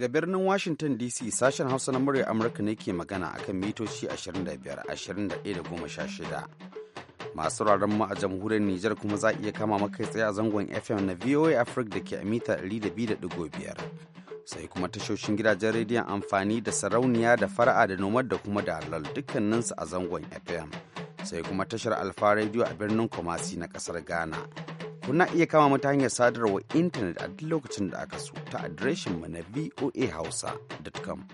Daga birnin Washington DC sashen Hausa na murya Amurka ne ke magana akan mitoci 25, 21 shida Masu rarren mu a jamhuriyar Nijar kuma za iya kama makai tsaye a zangon FM na VOA Africa da ke a mita 200.5. Sai kuma tashoshin gidajen rediyon amfani da sarauniya da fara'a da nomad da kuma dalal dukkaninsu a zangon FM. Sai kuma tashar Alfa Radio a birnin Kumasi na kasar Ghana. kuna iya kama mata hanyar sadarwar intanet a duk lokacin da aka so ta adireshin mu na voahausa.com.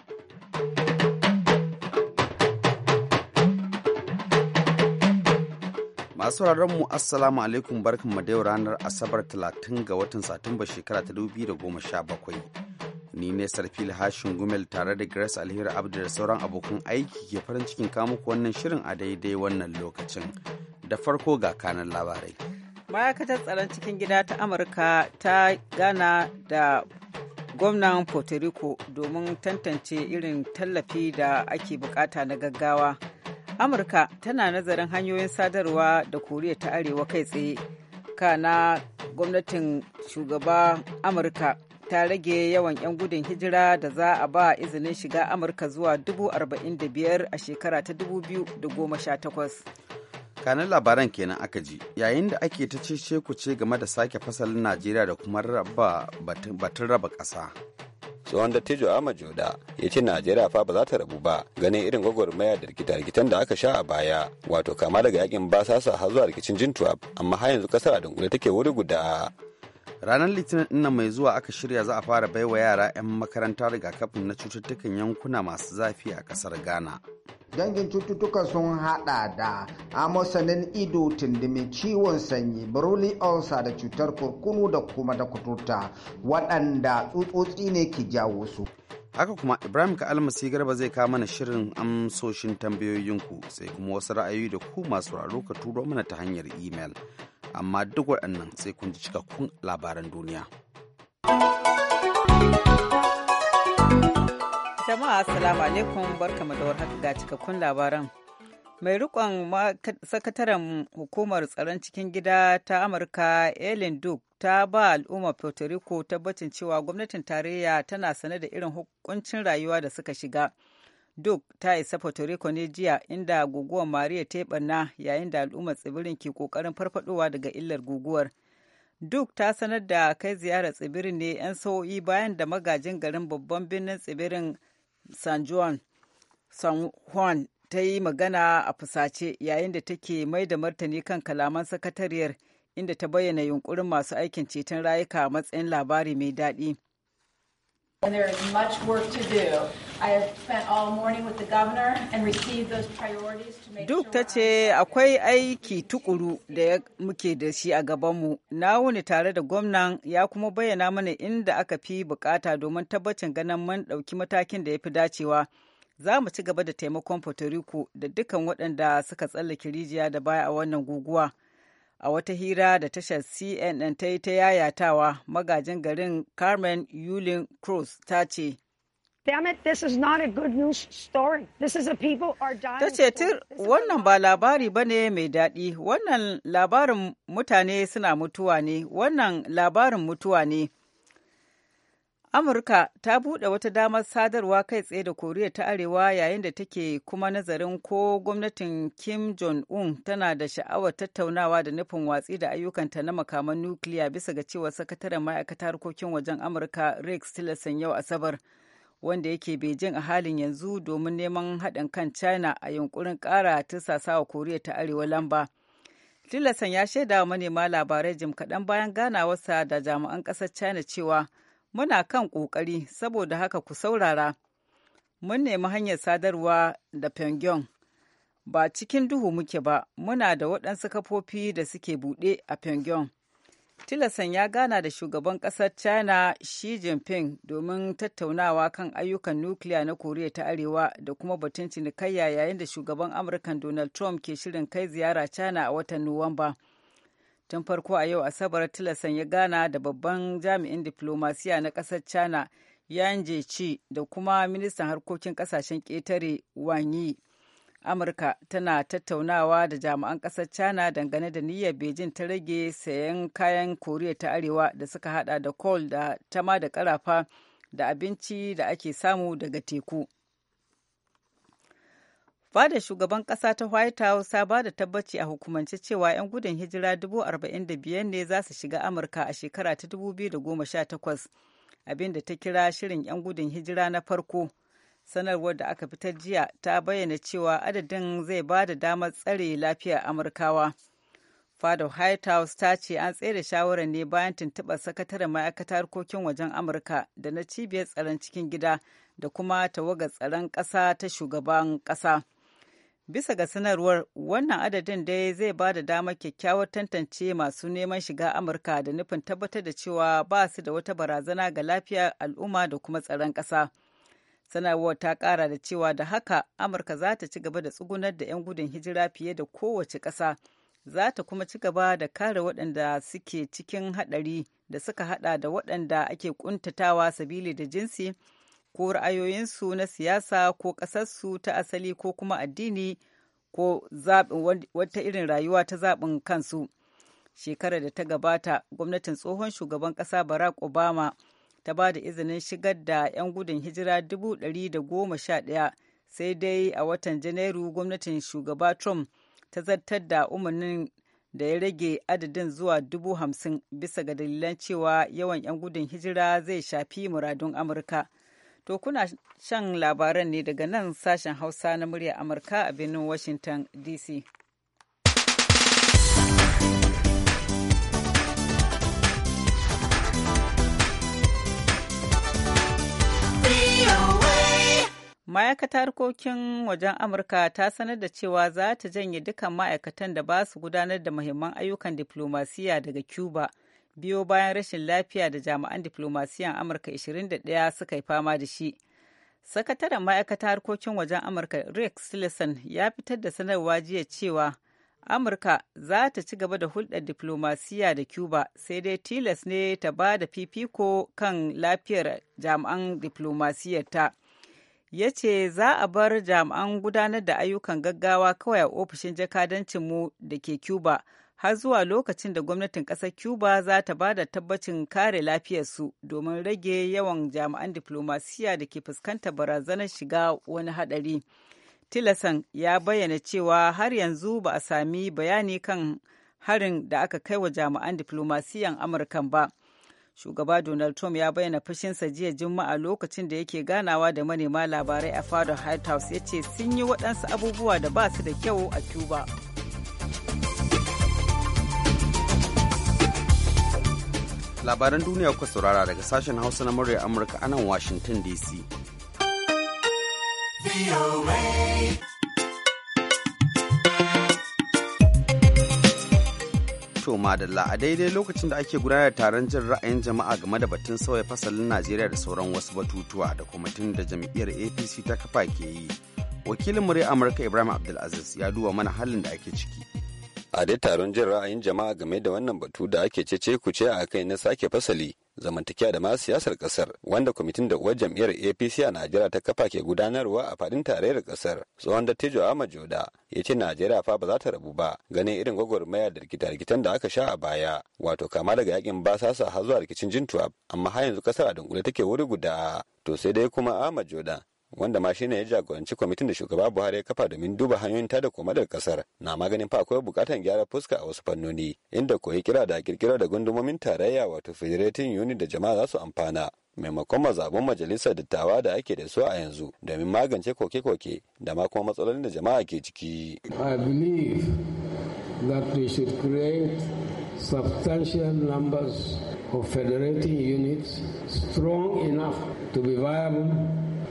Masu mu Assalamu alaikum barkan mu da yau ranar Asabar 30 ga watan Satumba shekara ta 2017. ni ne sarfil hashin gumel tare da grace alheri abdu da sauran abokan aiki ke farin cikin kamuku wannan shirin a daidai wannan lokacin da farko ga kanan labarai ma'aikatar tsaron cikin gida ta amurka ta gana da gwamnan puerto rico domin tantance irin tallafi da ake bukata na gaggawa amurka tana nazarin hanyoyin sadarwa da koriya ta arewa kai tsaye kana gwamnatin shugaba amurka ta rage yawan 'yan gudun hijira da za a ba izinin shiga amurka zuwa 45,000 a shekara ta 2018 tsakanin labaran kenan aka ji yayin da ake ta cece ce game da sake fasalin najeriya da kuma batun raba ƙasa tsohon dattijo ahmad joda ya ce najeriya fa ba za ta rabu ba ganin irin gwagwarmaya da rikita-rikitan da aka sha a baya wato kama daga yakin basasa har zuwa rikicin jintuwa amma har yanzu kasar a dunkule take wuri guda ranar litinin dinnan mai zuwa aka shirya za a fara baiwa yara 'yan makaranta rigakafin na cututtukan yankuna masu zafi a kasar ghana dangin cututtuka sun hada da amosanin ido tundumin ciwon sanyi bruli ulcer da cutar kurkunu da kuma da kuturta waɗanda tsutsotsi ne ke jawo su haka kuma ibrahim ka almasi garba zai kawo mana shirin amsoshin tambayoyinku sai kuma wasu ra'ayoyi da ku masu raro ka turo mana ta hanyar imel amma duk waɗannan sai kun ji cikakkun labaran duniya. Jama'a Assalamu alaikum barkamu da warhaka ga cikakkun labaran. Mai rikon sakataren hukumar tsaron cikin gida ta Amurka Ellen Duke ta ba al'ummar Puerto Rico tabbacin cewa gwamnatin tarayya tana sane da irin hukuncin rayuwa da suka shiga. duk ta isa puerto rico ne jiya inda guguwar maria ta barna yayin da al'ummar tsibirin ke kokarin farfadowa daga illar guguwar duk ta sanar da kai ziyarar tsibirin ne 'yan sa'o'i bayan da magajin garin babban birnin tsibirin san juan san juan ta yi magana a fusace yayin da take mai da martani kan kalaman sakatariyar inda ta bayyana yunkurin masu aikin ceton rayuka a matsayin labari mai daɗi. Duk ta ce akwai aiki tukuru da muke da shi a gabanmu. Na wuni tare da gwamnan ya kuma bayyana mana inda aka fi bukata domin tabbacin ganin mun ɗauki matakin da ya fi dacewa. Za mu ci gaba da taimakon Puerto Rico da dukkan waɗanda suka tsallake rijiya da baya a wannan guguwa. A wata hira da tashar CNN ta yi ta yayatawa magajin garin Carmen Yulin Cruz ta ce, Ta ce tir wannan ba labari ba ne mai daɗi, wannan labarin mutane suna mutuwa ne, wannan labarin mutuwa ne. Amurka ta buɗe wata damar sadarwa kai tsaye da Koriya ta Arewa yayin da take kuma nazarin ko gwamnatin Kim Jong-un tana da sha'awar tattaunawa da nufin watsi da ayyukanta na makaman nukiliya bisa ga cewa sakataren ma'aikatar harkokin wajen Amurka Rex Tillerson yau Asabar. wanda yake Beijing a halin yanzu domin neman haɗin kan China a yunkurin ƙara wa Koriya ta Arewa lamba. Tillerson ya shaida wa manema labarai jim kaɗan bayan ganawarsa da jami'an ƙasar China cewa muna kan ƙoƙari saboda haka ku saurara. Mun nemi hanyar sadarwa da Pyongyang. Ba cikin duhu muke ba, muna da waɗansu kafofi da suke buɗe a Pyongyang. Tillerson ya gana da shugaban ƙasar China Xi Jinping domin tattaunawa kan ayyukan nukiliya na Koriya ta Arewa da kuma batun cinikayya yayin da shugaban Amurka Donald Trump ke shirin kai ziyara China a watan Nuwamba. Tun farko a yau Asabar Tillerson ya gana da babban jami'in diflomasiya na ƙasar China Yan Jiechi da kuma ministan harkokin ƙasashen ƙetare Wang Yi. amurka tana tattaunawa da jami'an ƙasar china dangane da niyyar beijing ta rage sayan kayan koriya ta arewa da suka hada da kol da tama da karafa da abinci da ake samu daga teku fadar shugaban kasa ta white house ta ba da tabbaci a hukumance cewa 'yan gudun hijira 45,000 ne za su shiga amurka a shekara ta 2018 abinda ta kira shirin 'yan gudun hijira na farko sanarwar da aka fitar jiya ta bayyana cewa adadin zai ba da damar tsare lafiyar amurkawa fado white house ta ce an tsere shawarar ne bayan tuntuɓar sakataren ma'aikatar harkokin wajen amurka da na cibiyar tsaron cikin gida da kuma tawagar tsaron ƙasa ta shugaban ƙasa bisa ga sanarwar wannan adadin dai zai ba da damar kyakkyawar tantance masu neman shiga amurka da nufin tabbatar da cewa ba su da wata barazana ga lafiyar al'umma da kuma tsaron ƙasa. sanarwar ta kara da cewa da haka amurka za ta ci gaba da tsugunar da 'yan gudun hijira fiye da kowace ƙasa za ta kuma ci gaba da kare waɗanda suke cikin haɗari da suka haɗa da waɗanda ake ƙuntatawa sabili da jinsi ko ra'ayoyinsu na siyasa ko ƙasarsu ta asali ko kuma addini ko wata irin rayuwa ta zaɓin kansu shekarar da ta gabata gwamnatin tsohon shugaban ƙasa barack obama ta ba da izinin shigar da 'yan gudun hijira 111 sai dai a watan janairu gwamnatin shugaba trump ta zartar da umarnin da ya rage adadin zuwa dubu hamsin bisa ga dalilan cewa yawan 'yan gudun hijira zai shafi muradun amurka to kuna shan labaran ne daga nan sashen hausa na murya amurka a birnin washington dc ma'aikatar harkokin wajen amurka ta sanar da cewa za ta janye dukkan ma'aikatan da ba su gudanar da muhimman ayyukan diplomasiya daga cuba biyo bayan rashin lafiya da jami'an diplomasiyan amurka 21 suka yi fama da shi sakataren ma'aikatar harkokin wajen amurka rex tillerson ya fitar da sanarwa jiya cewa amurka za ta ci gaba da hulɗar diplomasiya da cuba sai dai tilas ne ta ba da fifiko kan lafiyar jami'an diplomasiyarta. ta ya ce za a bar jami'an gudanar da ayyukan gaggawa kawai a ofishin jakadancinmu da ke cuba har zuwa lokacin da gwamnatin ƙasar cuba za ta ba da tabbacin kare lafiyarsu domin rage yawan jami'an diflomasiya da ke fuskantar barazanar shiga wani haɗari tilasan ya bayyana cewa har yanzu ba a sami bayani kan harin da aka kai wa jami'an diflomasiyan amurkan ba shugaba donald trump ya bayyana fushinsa jiya juma'a lokacin da yake ganawa da manema labarai a fadar white house ya ce sun yi waɗansu abubuwa da ba su da kyau a cuba labaran duniya kuka saurara daga sashen hausa na murya amurka anan washington dc to madalla a daidai lokacin da ake gudanar taron jin ra'ayin jama'a game da batun sauya fasalin najeriya da sauran wasu batutuwa da kwamitin da jam'iyyar apc ta kafa ke yi wakilin murya amurka ibrahim abdulaziz ya duba mana halin da ake ciki a dai taron jin ra'ayin jama'a game da wannan batu da ake cece kuce a kai na sake fasali zamantakewa da masu siyasar kasar wanda kwamitin da uwar jam'iyyar apc a najeriya ta kafa ke gudanarwa a fadin tarayyar kasar tsohon dattijo ahmad joda ya ce najeriya fa ba za ta rabu ba ganin irin gwagwarmaya da rikita-rikitan da aka sha a baya wato kama daga yakin basasa har zuwa rikicin jintuwa amma har yanzu kasar a dunkule take wuri guda to sai dai kuma ahmad joda wanda ma shine ya jagoranci kwamitin da shugaba Buhari ya kafa domin duba hanyoyin tada daga kasar na maganin fa akwai bukatar gyara fuska a wasu fannoni inda koyi kira da kirkira da gundumomin tarayya wato federating Yuni da jama'a za su amfana maimakon mazabun majalisar dattawa da ake da su a yanzu domin magance koke-koke da ma kuma matsalolin da jama'a ke ciki. I believe substantial numbers of federating units strong enough to be viable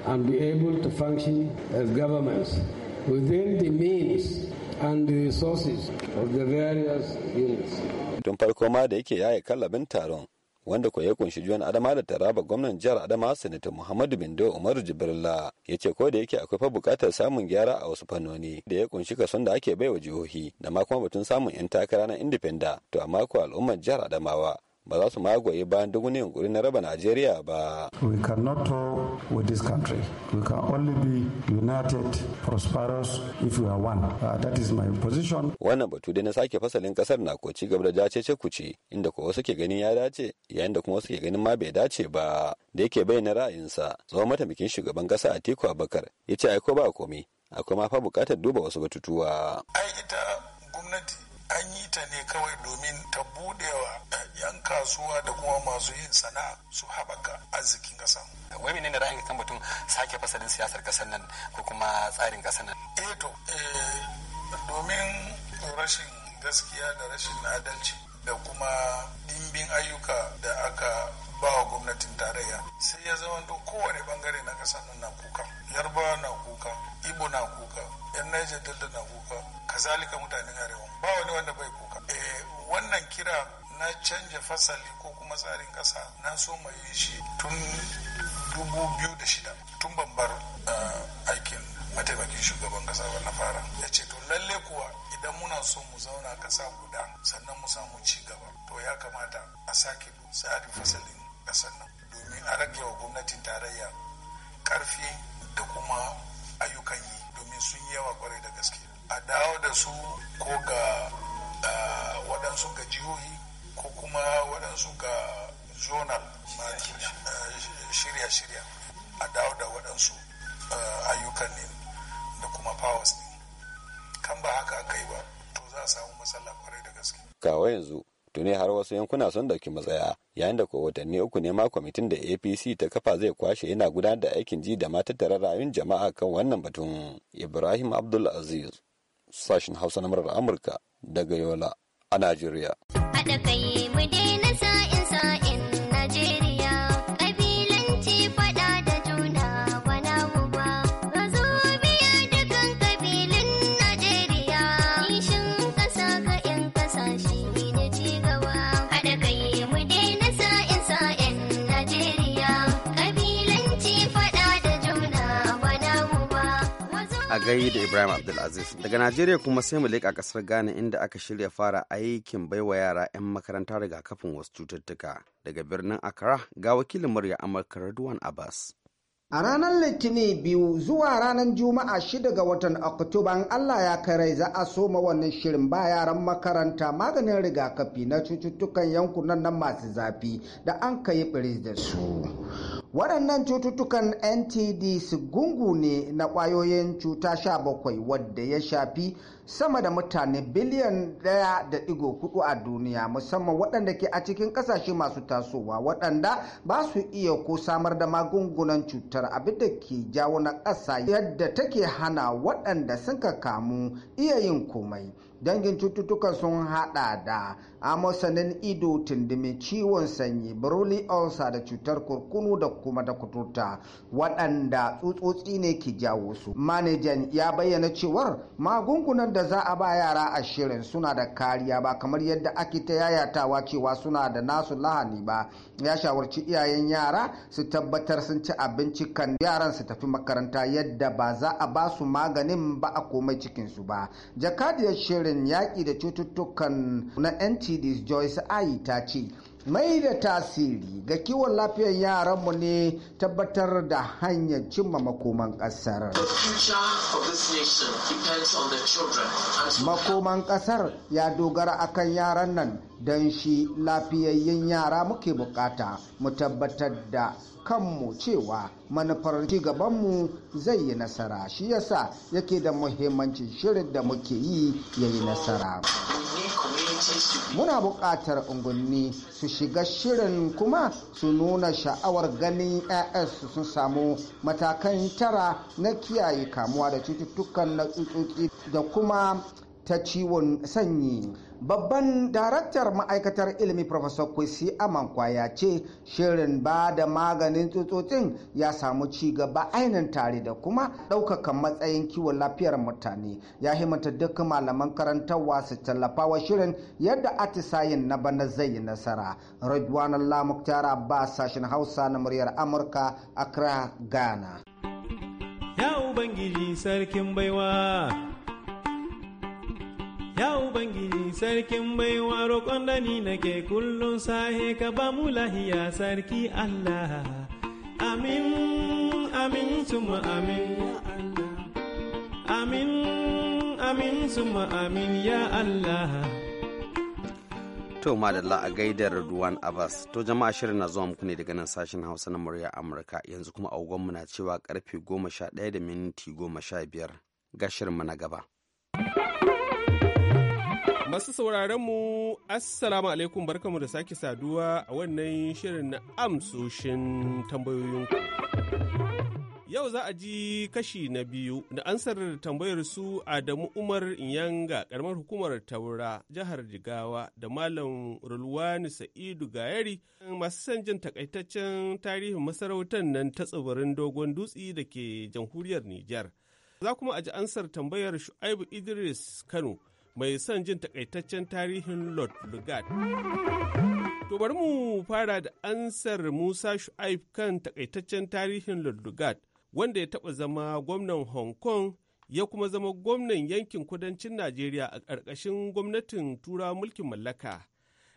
and be able to function as governments within the means and the resources of the various units. Tun farko ma da yake yaye kallabin taron wanda kuwa ya kunshi juwan adama da taraba gwamnan jihar adama sanata muhammadu bindo umaru jibrila ya ce ko da yake akwai fa bukatar samun gyara a wasu fannoni da ya kunshi kason da ake baiwa jihohi da ma kuma batun samun yan takara na indifenda to a mako al'ummar jihar adamawa ba za su magoye bayan duk wani yunkuri na raba Najeriya ba. We cannot talk with this country. We can only be united, prosperous if we are one. Uh, that is my position. Wannan batu dai na sake fasalin kasar na ko ci gaba da jace kuce inda ko wasu ke ganin ya dace yayin da kuma wasu ke ganin ma bai dace ba. Da yake bayyana ra'ayinsa tsohon mataimakin shugaban kasa Atiku Abubakar ya ce aiko ba komi akwai ma fa bukatar duba wasu batutuwa. Ai ita gwamnati an yi ta ne kawai domin ta budewa eh, yan kasuwa da kuma masu yin sana'a su haɓaka arzikin ƙasa. wai mene ne ra'ayin kan batun sake fasalin siyasar ƙasar nan ko kuma tsarin ƙasar nan. eh to eh, domin rashin gaskiya da rashin adalci da kuma dimbin ayyuka da aka ba wa gwamnatin tarayya sai ya zama to kowane bangare na kasar nan na kuka yarbawa na kuka ibo na kuka yan niger delta na kuka kazalika mutanen arewa ba wani wanda bai kuka eh wannan kira na canja fasali ko kuma tsarin kasa na so mai shi tun dubu biyu da shida tun ban bar eh, aikin mataimakin shugaban kasa ba na fara ya ce to lalle kuwa idan muna so mu zauna kasa guda sannan mu samu ci gaba to ya kamata a sake tsarin fasalin ƙasar nan domin a rage wa gwamnatin tarayya ƙarfi da kuma ayyukan yi domin sun yi yawa kwarai da gaske a dawo da su ko ga waɗansu ga jihohi ko kuma waɗansu ga zonal shirya-shirya a dawo da waɗansu ayyukan ne da kuma powers ne kan ba haka aka yi ba to za a samu matsala kwarai da gaske. ga yanzu tuni har wasu yankuna sun dauki matsaya yayin da ko watanni uku ne ma kwamitin da apc ta kafa zai kwashe yana gudanar da aikin ji da mata tattara rayuwar jama'a kan wannan batun ibrahim abdul aziz sashen hausa na murar amurka daga yola a najeriya haɗa kai mu daina gai da Ibrahim Abdulaziz. Daga Najeriya kuma sai mu leƙa ƙasar Ghana inda aka shirya fara aikin baiwa yara 'yan makaranta rigakafin wasu cututtuka. Daga birnin Accra ga wakilin murya Amurka Radwan Abbas. A ranar litini biyu zuwa ranar Juma'a shida ga watan Oktoba Allah ya karai za a soma wannan shirin ba yaran makaranta maganin rigakafi na cututtukan yankunan nan masu zafi da an kai da su. waɗannan cututtukan ntd gungu ne na ƙwayoyin cuta 17 wadda ya shafi sama da mutane biliyan 1.4 a duniya musamman waɗanda ke a cikin ƙasashe masu tasowa waɗanda ba su iya ko samar da magungunan cutar abin da ke jawo na ƙasa yadda take hana waɗanda sun ka kamu iya yin komai dangin cututtukan sun hada da amosanin ido tindimi ciwon sanyi broly ulcer da cutar kurkunu da kuma da kuturta waɗanda tsutsotsi ne ke jawo su manajan ya bayyana cewar magungunan da za a ba yara a shirin suna da kariya ba kamar yadda ake ta yayatawa cewa suna da nasu lahani ba ya shawarci iyayen yara su tabbatar sun ci abinci kan yaran su tafi makaranta yadda ba za a ba su maganin ba a komai cikinsu ba jakadiyar shirin kwamishinan yaƙi da cututtukan na ntds joyce ai ta ce mai da tasiri ga kiwon lafiyar yaranmu ne tabbatar da hanyar cimma makoman ƙasar. Makoman ƙasar ya dogara akan yaran nan don shi lafiyayyen yara muke bukata mu tabbatar da kanmu cewa manufar gabanmu zai yi nasara shi yasa yake da muhimmancin shirin da muke yi ya yi nasara muna buƙatar unguwanni su shiga shirin kuma su nuna sha'awar ganin as sun samu matakan tara na kiyaye kamuwa da cututtukan na tsutsotsi da kuma ta ciwon sanyi babban daraktar ma'aikatar ilimi professor kwesi amankwa ya ce shirin ba da maganin tsutsotsin ya samu ci gaba ainihin tare da kuma ɗaukaka matsayin kiwon lafiyar mutane ya himanta duk malaman karantarwa su tallafawa shirin yadda atisayin na bana zai yi nasara rajwan lamuktara ba sashen hausa na muryar amurka akra ghana ya ubangiji sarkin baiwa Ya Ubangiji sarkin baiwa roƙon da ni nake kullum sahe ka ba mu lahiya sarki Allah. Amin, amin, suma amin, ya Allah. Amin, amin, suma amin, ya Allah. To, madalla a gaidar Ruwan abas To, jama'a shirin na zuwa muku ne daga nan sashen Hausa na murya Amurka yanzu kuma agogonmu na cewa karfe goma sha ɗaya da minti goma sha biyar ga na gaba. Masu mu Assalamu alaikum barkamu da sake saduwa a wannan shirin na amsoshin tambayoyinku. Yau za a ji kashi na biyu da ansar tambayar su Adamu Umar Inyanga karamar hukumar Taura jihar Jigawa da Malam Rulwani Sa'idu Gayari masu son jin takaitaccen tarihin masarautar nan ta tsibirin dogon dutse da ke jamhuriyar Nijar. Za kuma a ji ansar tambayar Shu'aibu Idris Kano mai son jin takaitaccen tarihin Lord Lugard. To bari mu fara da ansar Musa Shu'aib kan takaitaccen tarihin Lord Lugard wanda ya taɓa zama gwamnan Hong Kong ya kuma zama gwamnan yankin kudancin Najeriya a ƙarƙashin gwamnatin tura mulkin mallaka.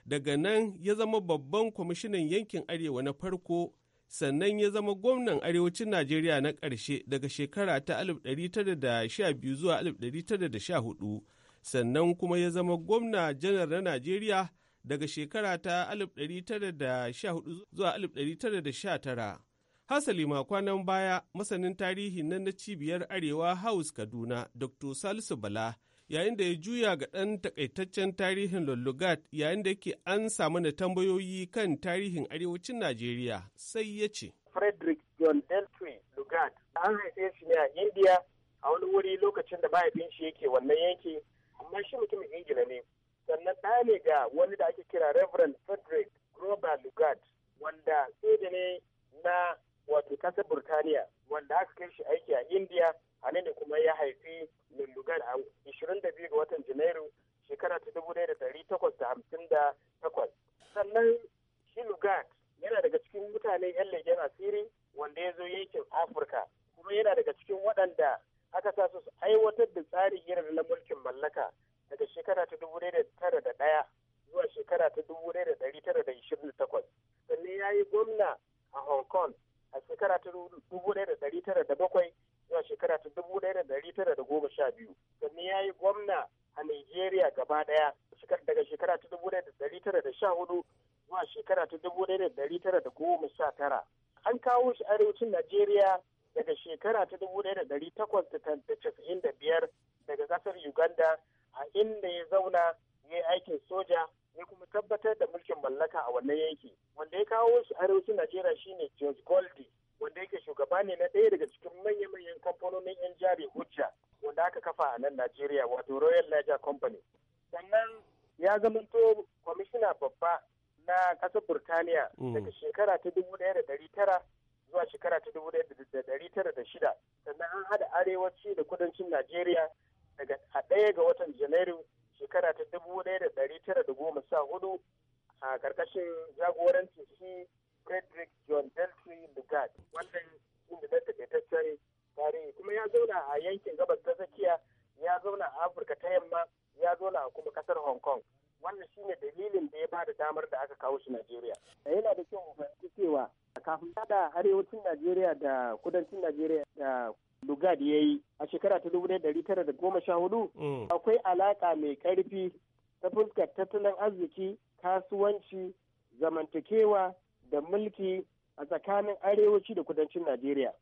Daga nan ya zama babban kwamishinan yankin Arewa na farko sannan ya zama gwamnan arewacin Najeriya na ƙarshe daga shekara ta 1912 zuwa 1914 sannan kuma ya zama gwamna janar na Najeriya daga shekara ta 1914 zuwa 1919. Hasali ma kwanan baya masanin tarihi nan na cibiyar Arewa House Kaduna Dr. Salisu Bala yayin da ya juya ga ɗan takaitaccen tarihin Lullugat yayin da yake an samu da tambayoyi kan tarihin arewacin Najeriya sai ya ce. Frederick John Eltwin Lugard an haife shi ne a India a wani wuri lokacin da mahaifin shi yake wannan yanki amma shi mutumin ingila ne sannan ɗa ne ga wani da ake kira reverend frederick grover lugard wanda sai ne na wato kasar burtaniya wanda aka kai shi aiki a india a ne kuma ya haifi lugard a 22 ga watan janairu shekara ta 1858 sannan shi lugard yana daga cikin mutane 'yan legen asiri wanda ya zo yankin afirka kuma yana daga cikin waɗanda aka sa su aiwatar da tsarin irin na mulkin mallaka daga shekara ta dubu da tara da ɗaya zuwa shekara ta dubu da ɗari tara da ishirin da takwas sannan ya yi gwamna a hong kong a shekara ta dubu da ɗari tara da bakwai zuwa shekara ta dubu da ɗari tara da goma sha biyu sannan ya yi gwamna a nigeria gaba ɗaya daga shekara ta dubu da ɗari tara da sha hudu zuwa shekara ta dubu da ɗari tara da goma sha tara an kawo shi arewacin najeriya daga shekara ta dubu da da da takwas biyar daga ƙasar Uganda a inda ya zauna ya yi aikin soja ya kuma tabbatar da mulkin mallaka a wannan yanki wanda ya kawo shi arewacin Najeriya shine George Goldi wanda yake shugaba ne na ɗaya daga cikin manya-manyan kamfanonin 'yan jari hujja wanda aka kafa a nan Najeriya wato Royal Niger Company sannan ya zamanto kwamishina babba na ƙasar Burtaniya mm. daga shekara ta dubu ɗaya da ɗari tara zuwa shekara ta dubu da dari tara da shida sannan an hada arewaci da kudancin najeriya daga a ɗaya ga watan janairu shekara ta dubu ɗaya da dari tara da goma sha hudu a ƙarƙashin jagorancin shi frederick john delphi lugard wannan inda da takaitaccen tarihi kuma ya zauna a yankin gabas ta tsakiya ya zauna a afirka ta yamma ya zauna a kuma ƙasar hong kong wannan shine dalilin da ya ba da damar da aka kawo shi Najeriya. Yana da kyau mu fahimci cewa kafin da arewacin Najeriya da kudancin Najeriya da Lugard ya yi a shekara ta dubu ɗaya tara da goma sha hudu mm. akwai alaƙa mai ƙarfi ta fuskar tattalin arziki kasuwanci zamantakewa da mulki a tsakanin arewaci da kudancin Najeriya.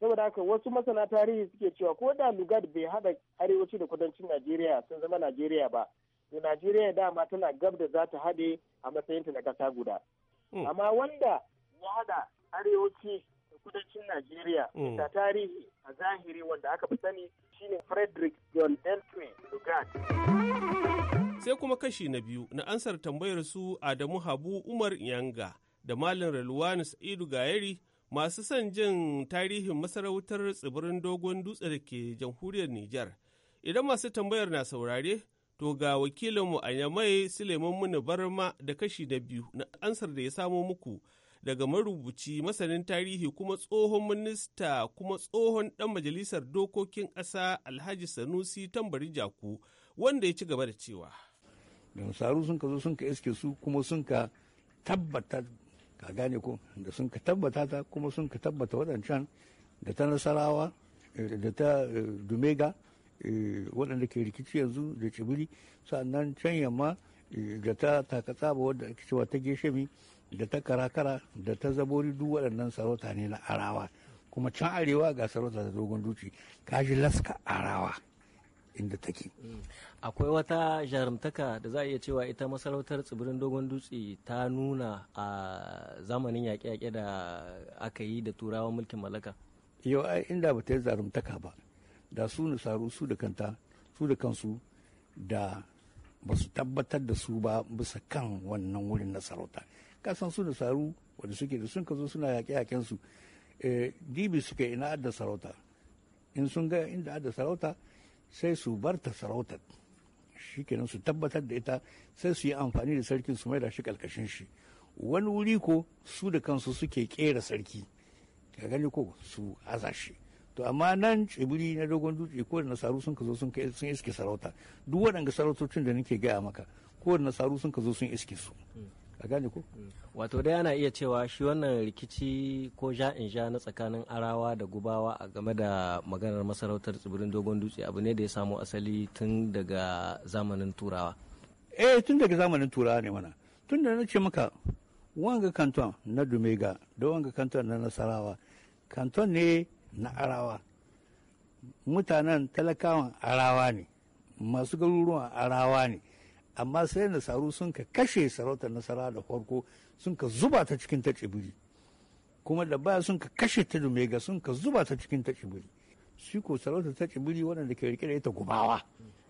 saboda haka wasu masana tarihi suke cewa ko da lugad bai hada arewaci da kudancin najeriya sun zama najeriya ba to najeriya dama tana gab da za ta haɗe a matsayinta na ƙasa guda hmm. amma wanda ya haɗa arewaci da kudancin najeriya ta hmm. tarihi a zahiri wanda aka fi sani shine frederick john eltwin lugard sai kuma kashi na biyu na ansar tambayar su adamu habu umar yanga da malin ralwani sa'idu gayari masu son jin tarihin masarautar tsibirin dogon dutse da ke jamhuriyar Nijar. Idan masu tambayar na saurare, To ga wakilinmu a Yamai Suleiman Muni Barma da kashi na biyu na ansar da ya samo muku daga marubuci masanin tarihi kuma tsohon minista kuma tsohon ɗan majalisar dokokin ƙasa Alhaji Sanusi Tambari Jaku wanda ya ci gaba da cewa. Gamsaru sun ka zo sun ka iske su kuma sun ka tabbata ka gane ko da sun ka tabbata ta kuma sun ka tabbata waɗancan da ta nasarawa eh, da ta eh, dumega Eh, waɗanda ke rikici yanzu da cibiri sannan can yamma eh, da ta ba wadda ake ta geshemi da ta karakara da ta zabori duk waɗannan sarauta ne na arawa kuma can arewa ga sarauta da dogon duci kaji laska arawa inda take mm. akwai wata jarumtaka da za a iya cewa ita masarautar tsibirin dogon dutse ta nuna a zamanin yaƙe-yaƙe da aka yi da turawan mulkin mallaka yau inda ba ta yi jarumtaka ba da su nasaru su da kanta su da kansu da ba su tabbatar da su ba bisa kan wannan wurin na sarauta kasan su nasaru wanda suke da sun kazo suna yaƙe-yaƙen su eh, dibi suke ina adda sarauta in sun ga inda adda sarauta sai su barta sarauta shi kenan su tabbatar da ita sai su yi amfani da sarkin su mai da shi kalkashin shi wani wuri ko su da kansu suke ƙera sarki ka gani ko su aza shi to amma nan tsibiri na dogon dutse ko da nasaru sun ka zo sun kai sun iske sarauta duk waɗanda sarautocin da nake gaya maka ko da nasaru sun ka zo sun iske su a gane ko wato dai ana iya cewa shi wannan rikici ko ja in ja na tsakanin arawa da gubawa a game da maganar masarautar tsibirin dogon dutse abu ne da ya samo asali tun daga zamanin turawa eh tun daga zamanin turawa ne mana tun da na ce maka wanga kanton na dumega da wanga kanton na nasarawa kanton ne na arawa mutanen talakawan arawa ne masu garuruwan arawa ne amma sai nasaru sun ka kashe sarautar nasara da farko sun ka zuba ta cikin ta tsibiri kuma da baya sun ka kashe ta dumega sun ka zuba ta cikin ta tsibiri shi ko sarauta ta tsibiri waɗanda ke rike da ita gubawa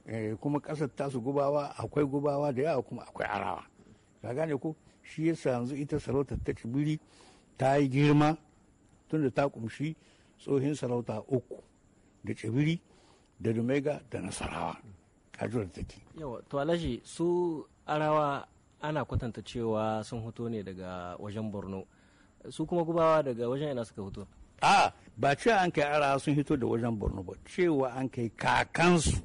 eh, kuma ƙasar tasu gubawa akwai gubawa da yawa kuma akwai arawa ka gane ko shi yasa yanzu ita sarautar ta tsibiri ta yi girma tunda ta kumshi tsohin sarauta uku da tsibiri da dumega da nasarawa a jiran take yawa to su arawa ana kwatanta cewa sun hoto ne daga wajen borno su kuma gubawa daga wajen ina suka hoto a ba cewa an kai arawa sun hito da wajen borno ba cewa an kai kakansu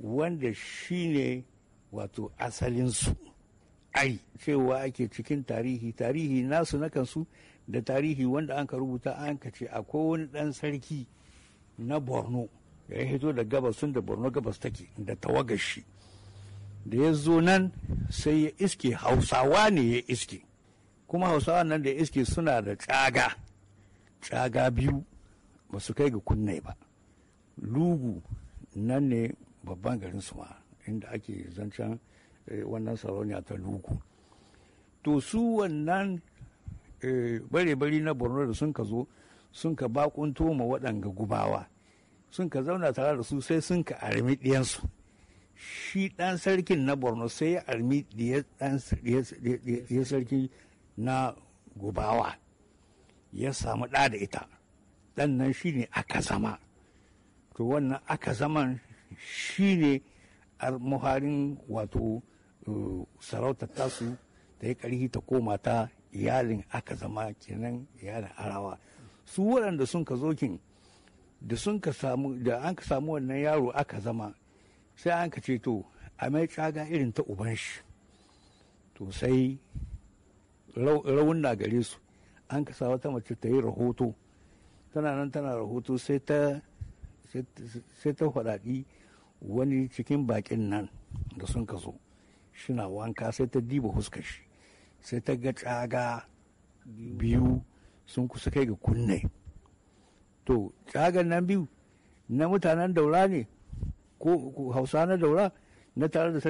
wanda shine wato asalinsu ai cewa ake cikin tarihi tarihi nasu na kansu da tarihi wanda an ka rubuta an ka ce akwai wani ɗan sarki na borno ya yi hito da gabas sun da borno gabas take da tawagashi da ya zo nan sai ya iske hausawa ne ya iske kuma hausawa nan da ya iske suna da tsaga tsaga biyu ba su kai ga kunne ba lugu nan ne babban garin ma inda ake zancen eh, wannan sarauniya ta lugu to su wannan Eh, bare-bari na borno da sun ka zo sun ka bakunto ma waɗanga gubawa sun ka zauna tare da su sai sun ka armi ɗiyansu shi ɗan sarkin na borno sai ya armi ɗiya sarki na gubawa ya samu ɗa da ita ɗan nan shi ne aka zama to wannan aka zaman shi ne muharin wato eh, sarautar tasu ta yi ƙarfi ta koma ta iyalin aka zama kenan iyalin arawa su waɗanda sun ka zokin da sun ka samu da an ka samu wannan yaro aka zama sai an ka ce to a mai tsaga irin ta uban shi to sai na gare su an ka sa wata mace ta yi rahoto tana nan tana rahoto sai ta sai ta faɗaɗi wani cikin baƙin nan da sun ka zo shina wanka sai ta diba huskar shi sai ta ga tsaga biyu sun kusa kai ga kunne to tsagan nan biyu na mutanen daura ne ko hausa na daura na tare da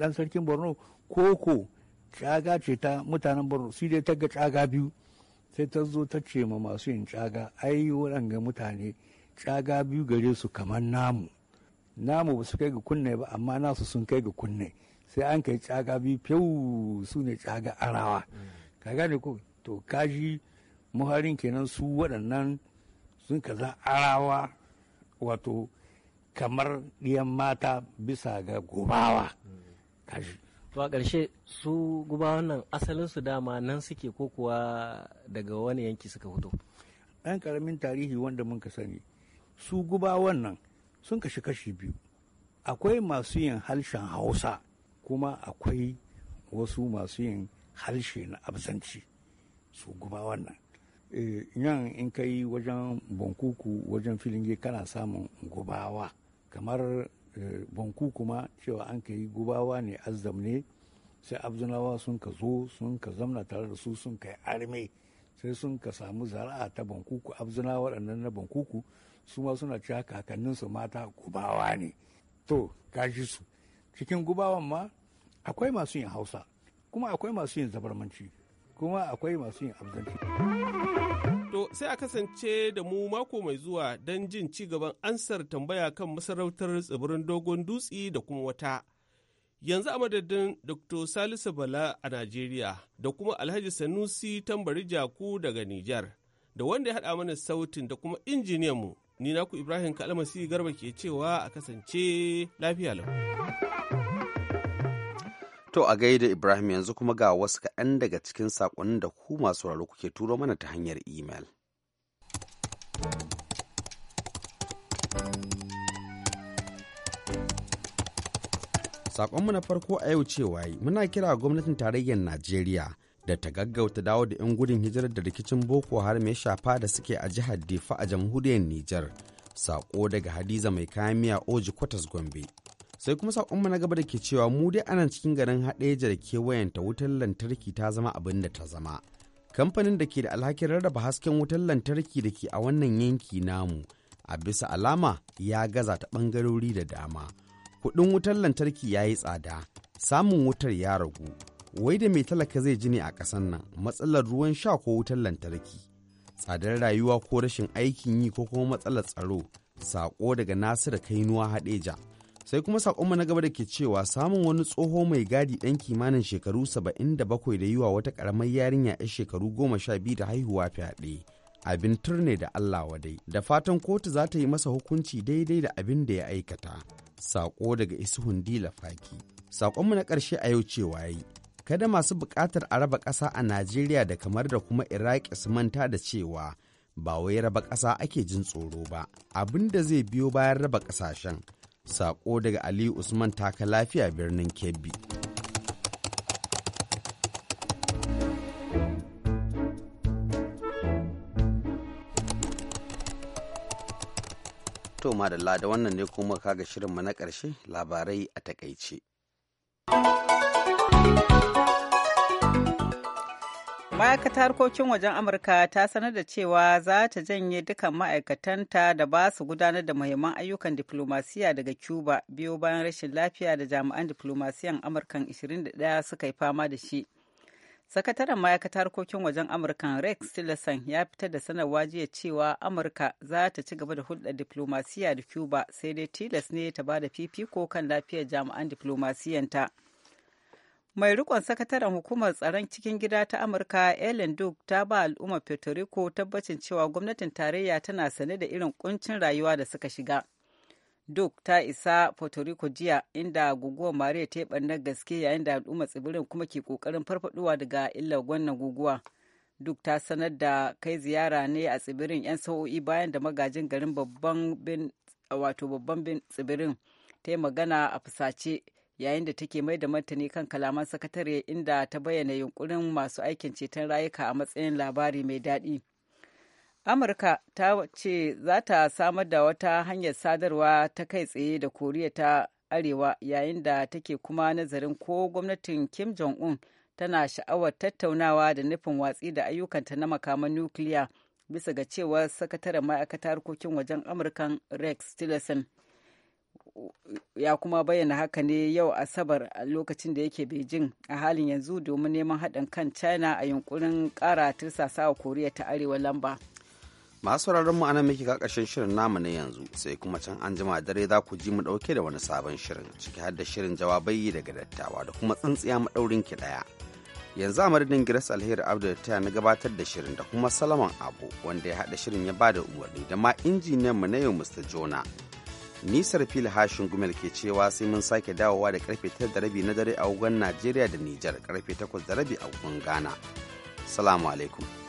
dan sarkin borno ko ko tsaga ce ta mutanen borno su dai ta ga tsaga biyu sai ta zo ta ce ma masu yin tsaga ai waɗanga mutane tsaga biyu gare su kamar namu namu ba su kai ga kunne ba amma nasu sun kai ga kunne sai an kai caga bi fiyau su ne caga arawa ka gane ko to kaji muharin kenan su waɗannan sun kaza arawa wato kamar ɗiyan mata bisa ga gobawa kaji to a ƙarshe su gubawan nan asalinsu dama nan suke ko kuwa daga wani yanki suka fito ɗan ƙaramin tarihi wanda mun ka sani su gubawan nan sun kashi kashi biyu akwai masu yin harshen hausa kuma akwai wasu masu yin harshe na abzanci su guba wannan eh, yan in ka yi wajen bankuku wajen filinge kana samun gubawa kamar eh, bankuku ma cewa an ka yi gubawa ne azamne ne sai abdullawa sun ka zo sun ka zamna tare da su sun ka yi arme sai sun ka samu zara'a ta bankuku abzulawa waɗannan na bankuku su ma suna cewa kakanninsu mata gubawa ne to kashi su cikin gubawan ma akwai masu yin hausa kuma akwai masu yin zabarmanci kuma akwai masu yin abdanci. to sai a kasance da mu mako mai zuwa don jin ci gaban ansar tambaya kan masarautar tsibirin dogon dutse da kuma wata yanzu a madadin dr salisu bala a najeriya da kuma alhaji sanusi tambari jaku daga nijar da wanda ya haɗa mana sautin da kuma injiniyanmu ni naku ibrahim kalmasi garba ke cewa a kasance lafiya lafiya. To a gaida Ibrahim yanzu kuma ga wasu kaɗan daga cikin saƙonin da ku masu raro kuke turo mana ta hanyar imel. Saƙonmu na farko a yau cewa muna kira gwamnatin tarayyar Najeriya da ta gaggauta dawo da 'yan gudun hijirar da rikicin Boko Haram ya shafa da suke a jihar Difa a jamhuriyar Nijar. Saƙo daga Hadiza mai kayan miya Oji Kwatas Gombe. sai kuma sakonmu na gaba da ke cewa mu dai anan cikin garin haɗeja da kewayenta wutar lantarki ta zama abin da ta zama kamfanin da ke da alhakin rarraba hasken wutar lantarki da ke a wannan yanki namu a bisa alama ya gaza ta ɓangarori da dama kuɗin wutar lantarki ya yi tsada samun wutar ya ragu wai da mai talaka zai ji ne a ƙasar nan matsalar ruwan sha ko wutar lantarki tsadar rayuwa ko rashin aikin yi ko kuma matsalar tsaro saƙo daga nasiru kainuwa haɗeja sai kuma sakonmu na gaba da ke cewa samun wani tsoho mai gadi dan kimanin shekaru 77 da yiwa wata karamar yarinya ya shekaru 12 da haihuwa fyaɗe abin turne da Allah wadai da fatan kotu za ta yi masa hukunci daidai da abin da ya aikata sako daga isuhun dila faki sakonmu na ƙarshe a yau cewa yi kada masu buƙatar a raba ƙasa a Najeriya da kamar da kuma Iraki su manta da cewa ba wai raba ƙasa ake jin tsoro ba abin da zai biyo bayan raba ƙasashen Sako daga Ali Usman taka lafiya birnin Kebbi. To madalla da wannan ne kuma kaga shirinmu na ƙarshe labarai a takaice. ma'aikatar harkokin wajen amurka ta sanar da cewa za ta janye dukkan ma'aikatanta da ba su gudanar da muhimman ayyukan diplomasiya daga cuba biyo bayan rashin lafiya da jami'an diplomasiyan amurkan 21 suka yi fama da shi sakataren ma'aikatar harkokin wajen amurkan rex tillerson ya fitar da sanarwa jiya cewa amurka za ta ci gaba da hulɗar diplomasiya da cuba sai dai tilas ne ta ba da fifiko kan lafiyar jami'an diplomasiyanta. ta mai rikon sakataren hukumar tsaron cikin gida ta amurka ellen duke ta ba al'ummar puerto rico tabbacin cewa gwamnatin tarayya tana sane da irin kuncin rayuwa da suka shiga duk ta isa puerto rico jiya inda guguwar maria ta yi gaske yayin da al'ummar tsibirin kuma ke kokarin farfaduwa daga illar wannan guguwa duk ta sanar da kai ziyara ne a tsibirin 'yan sa'o'i bayan da magajin garin babban wato babban tsibirin ta yi magana a fusace yayin da take mai da martani kan kalaman sakatare inda ta bayyana yunkurin masu aikin ceton rayuka a matsayin labari mai daɗi. amurka ta ce za ta samar da wata hanyar sadarwa ta kai tsaye da koriya ta arewa yayin da take kuma nazarin ko gwamnatin kim jong-un tana sha'awar tattaunawa da nufin watsi da ayyukanta na makaman nukiliya bisa ga cewar sakataren ma'aikatar harkokin wajen amurkan rex tillerson ya kuma bayyana haka ne yau asabar a lokacin da yake beijing a halin yanzu domin neman haɗin kan china a yunkurin ƙara wa koriya ta arewa lamba masu mu ana muke kakashin shirin namu na yanzu sai kuma can an jima dare za ku ji mu ɗauke da wani sabon shirin ciki har da shirin jawabai daga dattawa da kuma tsintsiya maɗaurin ki ɗaya yanzu a madadin giras alheri abdul taya na gabatar da shirin da kuma salaman abu wanda ya hada shirin ya bada umarni da ma injiniyan mu na yau mr jona nisar fil hashin gumel ke cewa sai mun sake dawowa da karfe 9 da rabi na dare a wugan najeriya da nijar karfe 8 da rabi a wugan ghana salamu alaikum